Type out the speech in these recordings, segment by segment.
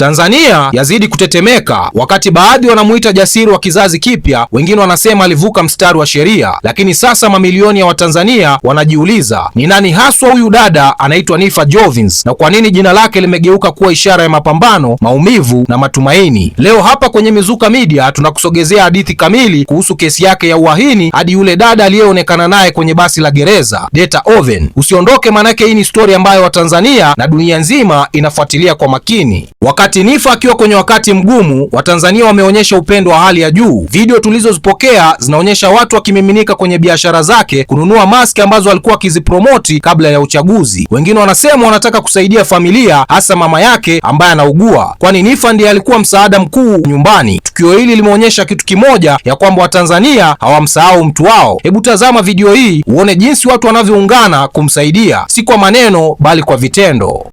Tanzania yazidi kutetemeka, wakati baadhi wanamuita jasiri wa kizazi kipya, wengine wanasema alivuka mstari wa sheria. Lakini sasa mamilioni ya Watanzania wanajiuliza ni nani haswa huyu dada anaitwa Nifa Jovins na kwa nini jina lake limegeuka kuwa ishara ya mapambano, maumivu na matumaini. Leo hapa kwenye Mizuka Media tunakusogezea hadithi kamili kuhusu kesi yake ya uhaini hadi yule dada aliyeonekana naye kwenye basi la gereza Deta Oven. Usiondoke, maanake hii ni stori ambayo Watanzania na dunia nzima inafuatilia kwa makini wakati Wakati Nifa akiwa kwenye wakati mgumu, Watanzania wameonyesha upendo wa hali ya juu. Video tulizozipokea zinaonyesha watu wakimiminika kwenye biashara zake kununua maski ambazo alikuwa akizipromoti kabla ya uchaguzi. Wengine wanasema wanataka kusaidia familia, hasa mama yake ambaye anaugua, kwani Nifa ndiye alikuwa msaada mkuu nyumbani. Tukio hili limeonyesha kitu kimoja, ya kwamba Watanzania hawamsahau mtu wao. Hebu tazama video hii uone jinsi watu wanavyoungana kumsaidia, si kwa maneno bali kwa vitendo.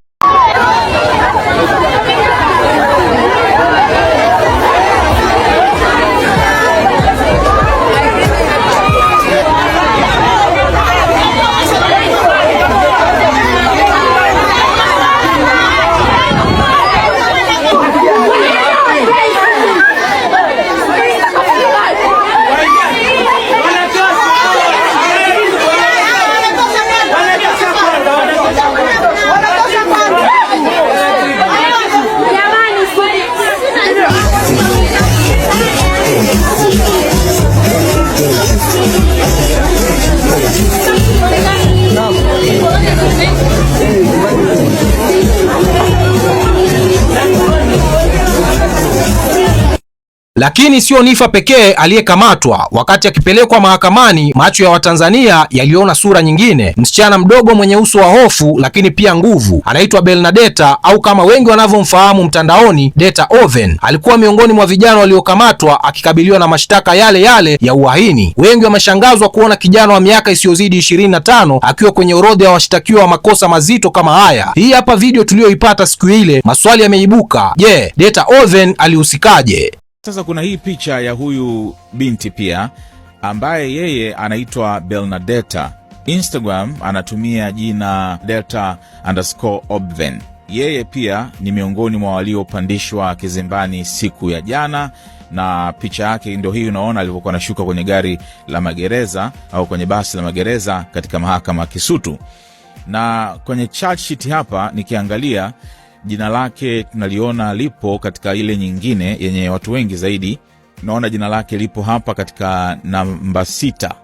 Lakini sio Niffer pekee aliyekamatwa. Wakati akipelekwa mahakamani, macho ya Watanzania yaliona sura nyingine, msichana mdogo mwenye uso wa hofu lakini pia nguvu. Anaitwa Bernadetta au kama wengi wanavyomfahamu mtandaoni, Detta Oven. Alikuwa miongoni mwa vijana waliokamatwa akikabiliwa na mashtaka yale yale ya uhaini. Wengi wameshangazwa kuona kijana wa miaka isiyozidi 25 akiwa kwenye orodha ya washtakiwa wa makosa mazito kama haya. Hii hapa video tuliyoipata siku ile. Maswali yameibuka. Je, Detta Oven alihusikaje? Sasa kuna hii picha ya huyu binti pia ambaye yeye anaitwa belnadeta Instagram anatumia jina delta underscore obven. Yeye pia ni miongoni mwa waliopandishwa kizimbani siku ya jana, na picha yake ndio hii unaona alivyokuwa anashuka kwenye gari la magereza au kwenye basi la magereza katika mahakama Kisutu. Na kwenye chat sheet hapa nikiangalia jina lake tunaliona lipo katika ile nyingine yenye watu wengi zaidi. naona jina lake lipo hapa katika namba sita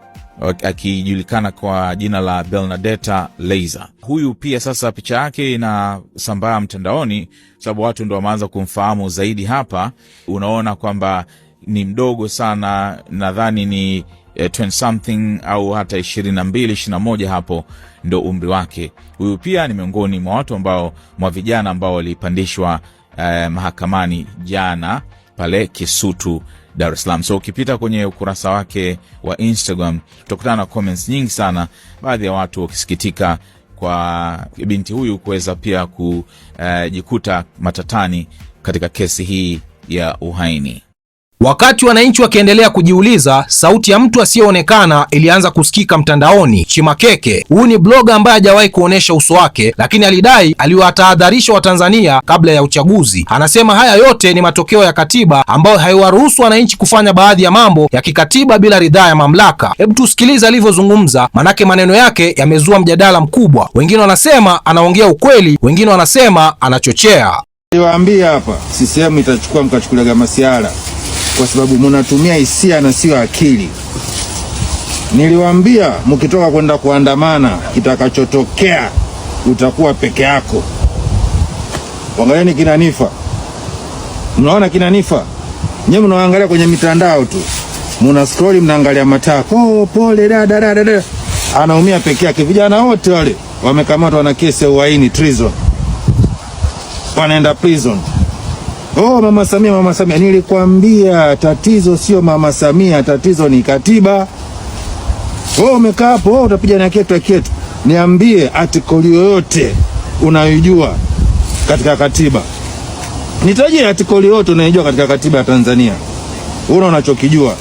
akijulikana kwa jina la belnadeta leise Huyu pia sasa picha yake inasambaa mtandaoni, sababu watu ndo wameanza kumfahamu zaidi. Hapa unaona kwamba ni mdogo sana, nadhani ni 20 eh, something au hata 22, 21 hapo ndo umri wake. Huyu pia ni miongoni mwa watu ambao mwa vijana ambao walipandishwa eh, mahakamani jana pale Kisutu, Dar es Salaam. So ukipita kwenye ukurasa wake wa Instagram utakutana na comments nyingi sana, baadhi ya watu wakisikitika kwa binti huyu kuweza pia kujikuta eh, matatani katika kesi hii ya uhaini. Wakati wananchi wakiendelea kujiuliza, sauti ya mtu asiyeonekana ilianza kusikika mtandaoni. Chimakeke, huyu ni bloga ambaye hajawahi kuonesha uso wake, lakini alidai aliwatahadharisha Watanzania kabla ya uchaguzi. Anasema haya yote ni matokeo ya katiba ambayo haiwaruhusu wananchi kufanya baadhi ya mambo ya kikatiba bila ridhaa ya mamlaka. Hebu tusikilize alivyozungumza, manake maneno yake yamezua mjadala mkubwa. Wengine wanasema anaongea ukweli, wengine wanasema anachochea. Niwaambie hapa, CCM itachukua mkachukulia gamasiara kwa sababu mnatumia hisia na sio akili. Niliwaambia mkitoka kwenda kuandamana, kitakachotokea utakuwa peke yako. Angalieni kinanifa, mnaona kinanifa nyewe, mnaangalia kwenye mitandao tu, mna scroll, mnaangalia matako. Oh, pole dada, dada, dada anaumia peke yake. Vijana wote wale wamekamatwa na kesi ya uhaini treason, wanaenda prison. Oh, mama Samia, mama Samia, nilikwambia tatizo sio mama Samia, tatizo ni katiba. Wewe oh, umekaa hapo oh, utapiga na ketu ketu. Niambie artikoli yoyote unayojua katika katiba. Nitajie artikoli yoyote unayojua katika katiba ya Tanzania. Una unachokijua.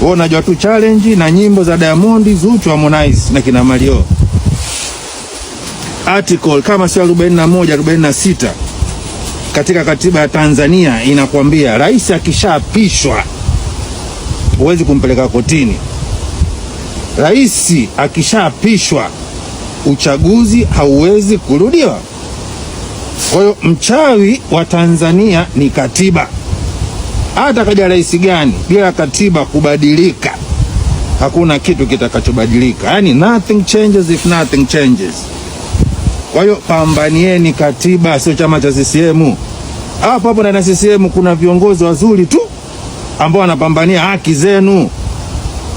Wewe unajua tu challenge na nyimbo za Diamond, Zuchu, Harmonize na kina Mario. Article kama sio 41, 46 katika katiba ya Tanzania inakwambia rais akishaapishwa huwezi kumpeleka kotini. Rais akishaapishwa uchaguzi hauwezi kurudiwa. Kwa hiyo mchawi wa Tanzania ni katiba. Hata kaja rais gani, bila katiba kubadilika, hakuna kitu kitakachobadilika, yaani nothing changes if nothing changes. Kwa hiyo pambanieni katiba, sio chama cha CCM hapo hapo ndani ya CCM kuna viongozi wazuri tu ambao wanapambania haki zenu.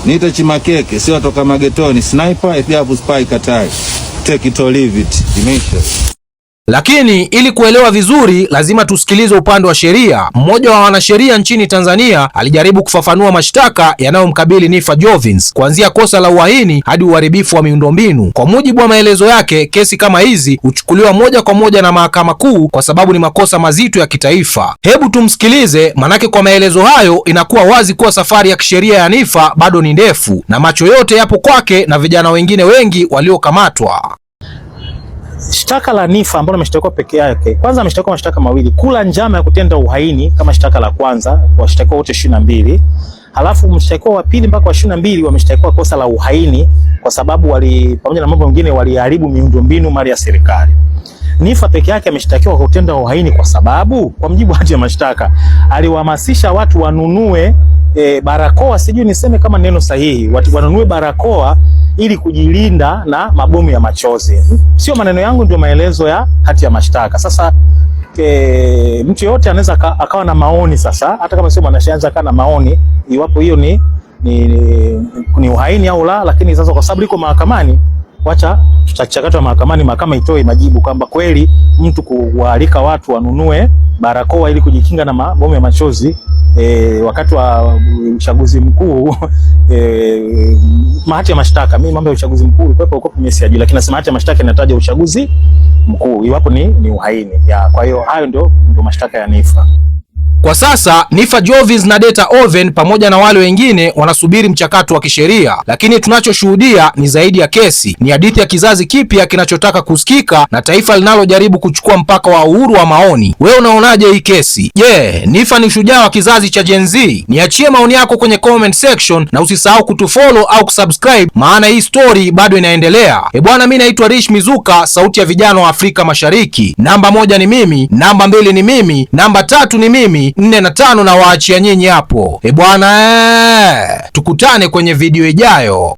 Niite Chimakeke, sio toka magetoni, sniper if you have spy katai. Take it or leave it. Imeisha. Lakini ili kuelewa vizuri lazima tusikilize upande wa sheria. Mmoja wa wanasheria nchini Tanzania alijaribu kufafanua mashtaka yanayomkabili Nifa Jovins kuanzia kosa la uhaini hadi uharibifu wa miundombinu. Kwa mujibu wa maelezo yake, kesi kama hizi huchukuliwa moja kwa moja na Mahakama Kuu kwa sababu ni makosa mazito ya kitaifa. Hebu tumsikilize, manake kwa maelezo hayo inakuwa wazi kuwa safari ya kisheria ya Nifa bado ni ndefu na macho yote yapo kwake na vijana wengine wengi waliokamatwa. Shtaka la Niffer ambalo ameshtakiwa peke yake, kwanza ameshtakiwa mashtaka mawili, kula njama ya kutenda uhaini kama shtaka la kwanza, washtakiwa wote 22. halafu mshtakiwa wa pili mpaka wa 22 wameshtakiwa kosa la uhaini kwa sababu wali, pamoja na mambo mengine, waliharibu miundombinu, mali ya serikali. Niffer peke yake ameshtakiwa kwa kutenda uhaini kwa sababu, kwa mjibu wa hati ya mashtaka, aliwahamasisha watu wanunue e, barakoa, sijui niseme kama neno sahihi, watu wanunue barakoa ili kujilinda na mabomu ya machozi. Sio maneno yangu, ndio maelezo ya hati ya mashtaka. Sasa e, mtu yote anaweza akawa na maoni sasa, hata kama sio mwanasheria, akawa na maoni iwapo hiyo ni, ni, ni, ni uhaini au la, lakini sasa kwa sababu liko mahakamani wacha kichakato ya mahakamani, mahakama itoe majibu kwamba kweli mtu kuwaalika watu wanunue barakoa ili kujikinga na mabomu ya machozi e, wakati wa uchaguzi mkuu e, mahati ya mashtaka, mimi mambo ya uchaguzi mkuu ilikuwepo huko kwenye siaji, lakini nasema hati ya mashtaka inataja uchaguzi mkuu iwapo ni, ni uhaini ya. Kwa hiyo hayo ndio ndio mashtaka ya Niffer. Kwa sasa Nifa Jovis na Deta Oven pamoja na wale wengine wanasubiri mchakato wa kisheria, lakini tunachoshuhudia ni zaidi ya kesi, ni hadithi ya kizazi kipya kinachotaka kusikika na taifa linalojaribu kuchukua mpaka wa uhuru wa maoni. Wewe unaonaje hii kesi? Je, yeah, Nifa ni shujaa wa kizazi cha Gen Z? Niachie maoni yako kwenye comment section na usisahau kutufollow au kusubscribe, maana hii story bado inaendelea. E bwana, mimi naitwa Rish Mizuka, sauti ya vijana wa Afrika Mashariki. Namba moja ni mimi, namba mbili ni mimi, namba tatu ni mimi nne na tano na waachia nyinyi hapo. E bwana, eh, tukutane kwenye video ijayo.